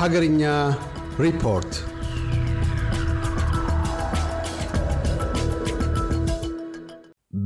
ሀገርኛ ሪፖርት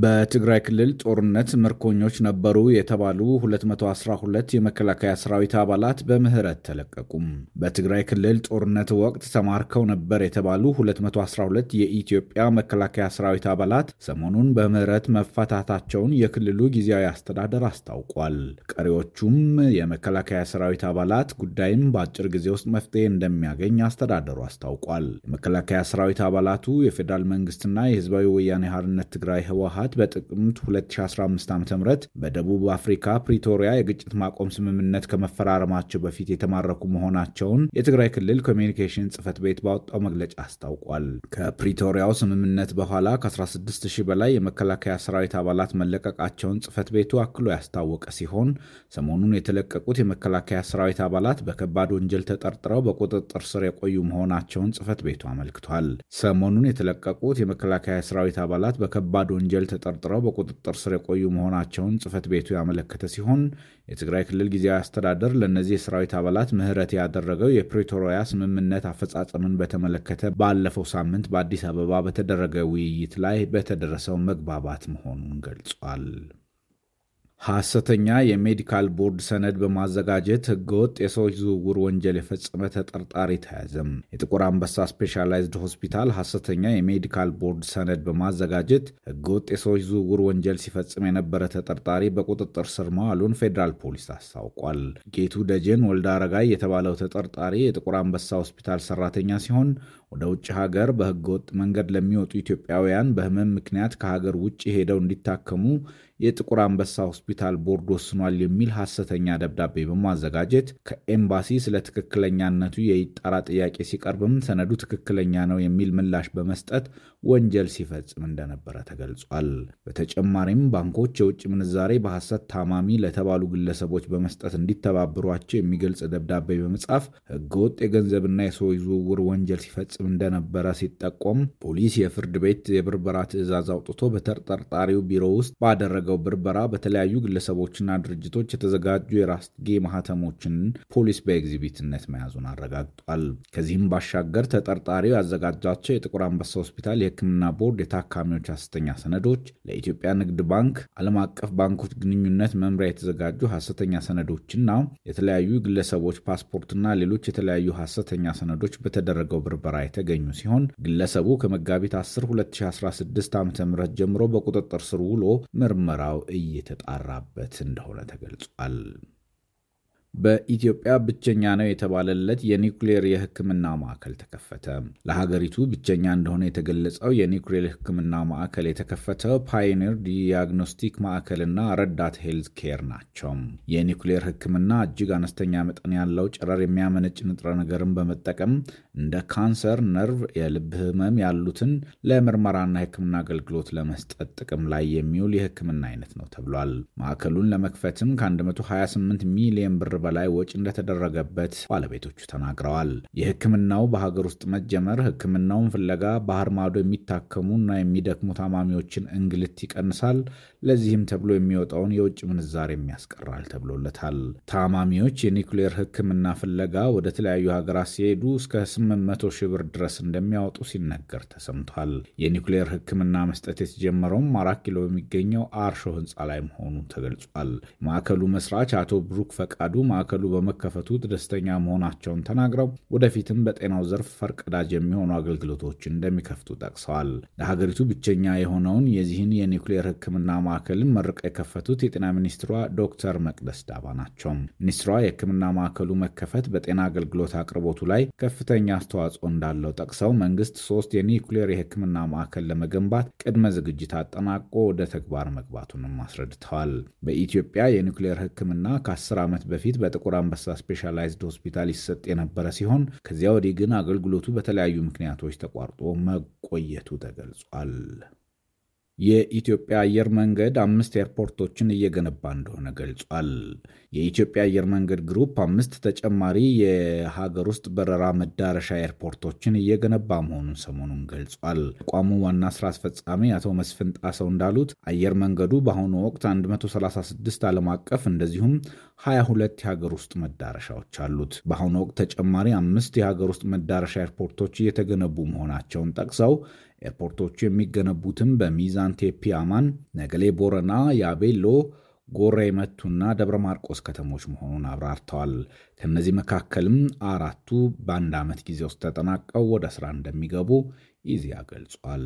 በትግራይ ክልል ጦርነት ምርኮኞች ነበሩ የተባሉ 212 የመከላከያ ሰራዊት አባላት በምህረት ተለቀቁም። በትግራይ ክልል ጦርነት ወቅት ተማርከው ነበር የተባሉ 212 የኢትዮጵያ መከላከያ ሰራዊት አባላት ሰሞኑን በምህረት መፈታታቸውን የክልሉ ጊዜያዊ አስተዳደር አስታውቋል። ቀሪዎቹም የመከላከያ ሰራዊት አባላት ጉዳይም በአጭር ጊዜ ውስጥ መፍትሄ እንደሚያገኝ አስተዳደሩ አስታውቋል። የመከላከያ ሰራዊት አባላቱ የፌዴራል መንግስትና የህዝባዊ ወያኔ ሓርነት ትግራይ ህወሓት ዓመት በጥቅምት 2015 ዓ ም በደቡብ አፍሪካ ፕሪቶሪያ የግጭት ማቆም ስምምነት ከመፈራረማቸው በፊት የተማረኩ መሆናቸውን የትግራይ ክልል ኮሚኒኬሽን ጽህፈት ቤት ባወጣው መግለጫ አስታውቋል። ከፕሪቶሪያው ስምምነት በኋላ ከ16000 በላይ የመከላከያ ሰራዊት አባላት መለቀቃቸውን ጽህፈት ቤቱ አክሎ ያስታወቀ ሲሆን ሰሞኑን የተለቀቁት የመከላከያ ሰራዊት አባላት በከባድ ወንጀል ተጠርጥረው በቁጥጥር ስር የቆዩ መሆናቸውን ጽህፈት ቤቱ አመልክቷል። ሰሞኑን የተለቀቁት የመከላከያ ሰራዊት አባላት በከባድ ወንጀል ተጠርጥረው በቁጥጥር ስር የቆዩ መሆናቸውን ጽህፈት ቤቱ ያመለከተ ሲሆን የትግራይ ክልል ጊዜያዊ አስተዳደር ለእነዚህ የሰራዊት አባላት ምህረት ያደረገው የፕሪቶሪያ ስምምነት አፈጻጸምን በተመለከተ ባለፈው ሳምንት በአዲስ አበባ በተደረገ ውይይት ላይ በተደረሰው መግባባት መሆኑን ገልጿል። ሐሰተኛ የሜዲካል ቦርድ ሰነድ በማዘጋጀት ህገወጥ የሰዎች ዝውውር ወንጀል የፈጸመ ተጠርጣሪ ተያዘም። የጥቁር አንበሳ ስፔሻላይዝድ ሆስፒታል ሐሰተኛ የሜዲካል ቦርድ ሰነድ በማዘጋጀት ህገወጥ የሰዎች ዝውውር ወንጀል ሲፈጽም የነበረ ተጠርጣሪ በቁጥጥር ስር መዋሉን ፌዴራል ፖሊስ አስታውቋል። ጌቱ ደጀን ወልደ አረጋይ የተባለው ተጠርጣሪ የጥቁር አንበሳ ሆስፒታል ሰራተኛ ሲሆን ወደ ውጭ ሀገር በህገወጥ መንገድ ለሚወጡ ኢትዮጵያውያን በህመም ምክንያት ከሀገር ውጭ ሄደው እንዲታከሙ የጥቁር አንበሳ ሆስፒታል ቦርድ ወስኗል የሚል ሐሰተኛ ደብዳቤ በማዘጋጀት ከኤምባሲ ስለ ትክክለኛነቱ የይጣራ ጥያቄ ሲቀርብም ሰነዱ ትክክለኛ ነው የሚል ምላሽ በመስጠት ወንጀል ሲፈጽም እንደነበረ ተገልጿል። በተጨማሪም ባንኮች የውጭ ምንዛሬ በሐሰት ታማሚ ለተባሉ ግለሰቦች በመስጠት እንዲተባብሯቸው የሚገልጽ ደብዳቤ በመጻፍ ህገወጥ የገንዘብና የሰዎች ዝውውር ወንጀል ሲፈጽም እንደነበረ ሲጠቆም ፖሊስ የፍርድ ቤት የብርበራ ትዕዛዝ አውጥቶ በተጠርጣሪው ቢሮ ውስጥ ባደረገው ባደረገው ብርበራ በተለያዩ ግለሰቦችና ድርጅቶች የተዘጋጁ የራስጌ ማህተሞችን ፖሊስ በኤግዚቢትነት መያዙን አረጋግጧል። ከዚህም ባሻገር ተጠርጣሪው ያዘጋጃቸው የጥቁር አንበሳ ሆስፒታል የሕክምና ቦርድ የታካሚዎች ሐሰተኛ ሰነዶች፣ ለኢትዮጵያ ንግድ ባንክ ዓለም አቀፍ ባንኮች ግንኙነት መምሪያ የተዘጋጁ ሐሰተኛ ሰነዶችና የተለያዩ ግለሰቦች ፓስፖርትና ሌሎች የተለያዩ ሐሰተኛ ሰነዶች በተደረገው ብርበራ የተገኙ ሲሆን ግለሰቡ ከመጋቢት 10 2016 ዓ ም ጀምሮ በቁጥጥር ስር ውሎ ምርመ ምርመራው እየተጣራበት እንደሆነ ተገልጿል። በኢትዮጵያ ብቸኛ ነው የተባለለት የኒውክሌር የሕክምና ማዕከል ተከፈተ። ለሀገሪቱ ብቸኛ እንደሆነ የተገለጸው የኒውክሌር ሕክምና ማዕከል የተከፈተው ፓዮኒር ዲያግኖስቲክ ማዕከልና ረዳት ሄልዝ ኬር ናቸው። የኒውክሌር ሕክምና እጅግ አነስተኛ መጠን ያለው ጨረር የሚያመነጭ ንጥረ ነገርን በመጠቀም እንደ ካንሰር፣ ነርቭ፣ የልብ ህመም ያሉትን ለምርመራና ህክምና አገልግሎት ለመስጠት ጥቅም ላይ የሚውል የሕክምና አይነት ነው ተብሏል። ማዕከሉን ለመክፈትም ከ128 ሚሊዮን ብር በላይ ወጪ እንደተደረገበት ባለቤቶቹ ተናግረዋል። የህክምናው በሀገር ውስጥ መጀመር ህክምናውን ፍለጋ ባህር ማዶ የሚታከሙ እና የሚደክሙ ታማሚዎችን እንግልት ይቀንሳል፣ ለዚህም ተብሎ የሚወጣውን የውጭ ምንዛሬ የሚያስቀራል ተብሎለታል። ታማሚዎች የኒውክሌር ሕክምና ፍለጋ ወደ ተለያዩ ሀገራት ሲሄዱ እስከ 800 ሺህ ብር ድረስ እንደሚያወጡ ሲነገር ተሰምቷል። የኒውክሌር ሕክምና መስጠት የተጀመረውም አራት ኪሎ በሚገኘው አርሾ ህንፃ ላይ መሆኑ ተገልጿል። ማዕከሉ መስራች አቶ ብሩክ ፈቃዱ ማዕከሉ በመከፈቱ ደስተኛ መሆናቸውን ተናግረው ወደፊትም በጤናው ዘርፍ ፈርቀዳጅ የሚሆኑ አገልግሎቶችን እንደሚከፍቱ ጠቅሰዋል። ለሀገሪቱ ብቸኛ የሆነውን የዚህን የኒውክሌር ሕክምና ማዕከልን መርቀ የከፈቱት የጤና ሚኒስትሯ ዶክተር መቅደስ ዳባ ናቸው። ሚኒስትሯ የሕክምና ማዕከሉ መከፈት በጤና አገልግሎት አቅርቦቱ ላይ ከፍተኛ አስተዋጽኦ እንዳለው ጠቅሰው መንግስት ሶስት የኒውክሌር የሕክምና ማዕከል ለመገንባት ቅድመ ዝግጅት አጠናቆ ወደ ተግባር መግባቱንም አስረድተዋል። በኢትዮጵያ የኒውክሌር ሕክምና ከ10 ዓመት በፊት በጥቁር አንበሳ ስፔሻላይዝድ ሆስፒታል ይሰጥ የነበረ ሲሆን ከዚያ ወዲህ ግን አገልግሎቱ በተለያዩ ምክንያቶች ተቋርጦ መቆየቱ ተገልጿል። የኢትዮጵያ አየር መንገድ አምስት ኤርፖርቶችን እየገነባ እንደሆነ ገልጿል። የኢትዮጵያ አየር መንገድ ግሩፕ አምስት ተጨማሪ የሀገር ውስጥ በረራ መዳረሻ ኤርፖርቶችን እየገነባ መሆኑን ሰሞኑን ገልጿል። ተቋሙ ዋና ስራ አስፈጻሚ አቶ መስፍን ጣሰው እንዳሉት አየር መንገዱ በአሁኑ ወቅት 136 ዓለም አቀፍ እንደዚሁም 22 የሀገር ውስጥ መዳረሻዎች አሉት። በአሁኑ ወቅት ተጨማሪ አምስት የሀገር ውስጥ መዳረሻ ኤርፖርቶች እየተገነቡ መሆናቸውን ጠቅሰው ኤርፖርቶቹ የሚገነቡትም በሚዛን ቴፒ አማን፣ ነገሌ ቦረና፣ ያቤሎ፣ ጎራ የመቱና ደብረ ማርቆስ ከተሞች መሆኑን አብራርተዋል። ከእነዚህ መካከልም አራቱ በአንድ ዓመት ጊዜ ውስጥ ተጠናቀው ወደ ስራ እንደሚገቡ ይዚያ ገልጿል።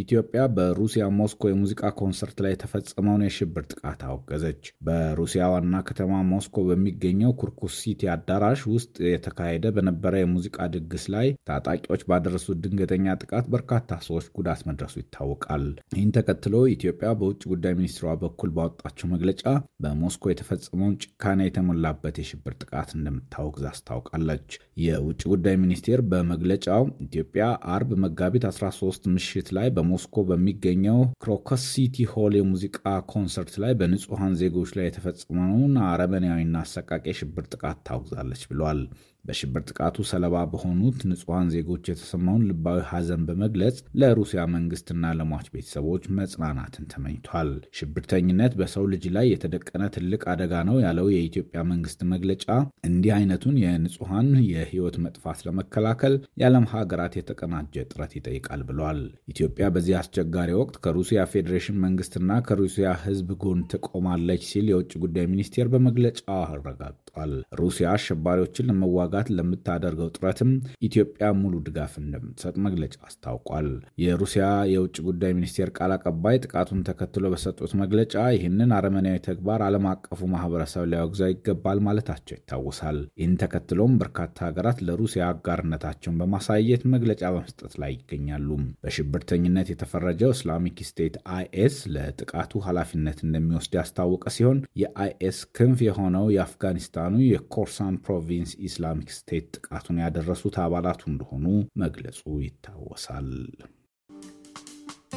ኢትዮጵያ በሩሲያ ሞስኮ የሙዚቃ ኮንሰርት ላይ የተፈጸመውን የሽብር ጥቃት አወገዘች። በሩሲያ ዋና ከተማ ሞስኮ በሚገኘው ኩርኩስ ሲቲ አዳራሽ ውስጥ የተካሄደ በነበረ የሙዚቃ ድግስ ላይ ታጣቂዎች ባደረሱት ድንገተኛ ጥቃት በርካታ ሰዎች ጉዳት መድረሱ ይታወቃል። ይህን ተከትሎ ኢትዮጵያ በውጭ ጉዳይ ሚኒስትሯ በኩል ባወጣቸው መግለጫ በሞስኮ የተፈጸመውን ጭካኔ የተሞላበት የሽብር ጥቃት እንደምታወግዝ አስታውቃለች። የውጭ ጉዳይ ሚኒስቴር በመግለጫው ኢትዮጵያ አርብ መጋቢት 13 ምሽት ላይ በሞስኮ በሚገኘው ክሮከስ ሲቲ ሆል የሙዚቃ ኮንሰርት ላይ በንጹሐን ዜጎች ላይ የተፈጸመውን አረመኔያዊና አሰቃቂ የሽብር ጥቃት ታውግዛለች ብሏል። በሽብር ጥቃቱ ሰለባ በሆኑት ንጹሐን ዜጎች የተሰማውን ልባዊ ሐዘን በመግለጽ ለሩሲያ መንግስትና ለሟች ቤተሰቦች መጽናናትን ተመኝቷል። ሽብርተኝነት በሰው ልጅ ላይ የተደቀነ ትልቅ አደጋ ነው ያለው የኢትዮጵያ መንግስት መግለጫ እንዲህ አይነቱን የንጹሐን የህይወት መጥፋት ለመከላከል የዓለም ሀገራት የተቀናጀ ጥረት ይጠይቃል ብሏል። ኢትዮጵያ በዚህ አስቸጋሪ ወቅት ከሩሲያ ፌዴሬሽን መንግስትና ከሩሲያ ህዝብ ጎን ትቆማለች ሲል የውጭ ጉዳይ ሚኒስቴር በመግለጫው አረጋግጧል። ሩሲያ አሸባሪዎችን ለመዋ ለመዋጋት ለምታደርገው ጥረትም ኢትዮጵያ ሙሉ ድጋፍ እንደምትሰጥ መግለጫ አስታውቋል። የሩሲያ የውጭ ጉዳይ ሚኒስቴር ቃል አቀባይ ጥቃቱን ተከትሎ በሰጡት መግለጫ ይህንን አረመናዊ ተግባር ዓለም አቀፉ ማህበረሰብ ሊያወግዛ ይገባል ማለታቸው ይታወሳል። ይህን ተከትሎም በርካታ ሀገራት ለሩሲያ አጋርነታቸውን በማሳየት መግለጫ በመስጠት ላይ ይገኛሉ። በሽብርተኝነት የተፈረጀው እስላሚክ ስቴት አይኤስ ለጥቃቱ ኃላፊነት እንደሚወስድ ያስታወቀ ሲሆን የአይኤስ ክንፍ የሆነው የአፍጋኒስታኑ የኮርሳን ፕሮቪንስ ኢስላም ኢስላሚክ ስቴት ጥቃቱን ያደረሱት አባላቱ እንደሆኑ መግለጹ ይታወሳል።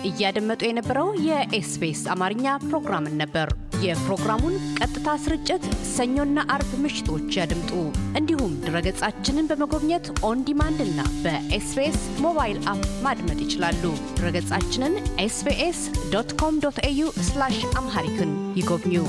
እያደመጡ የነበረው የኤስቢኤስ አማርኛ ፕሮግራምን ነበር። የፕሮግራሙን ቀጥታ ስርጭት ሰኞና አርብ ምሽቶች ያድምጡ። እንዲሁም ድረገጻችንን በመጎብኘት ኦን ዲማንድ እና በኤስቢኤስ ሞባይል አፕ ማድመጥ ይችላሉ። ድረገጻችንን ኤስቢኤስ ዶት ኮም ዶት ኤዩ አምሃሪክን ይጎብኙ።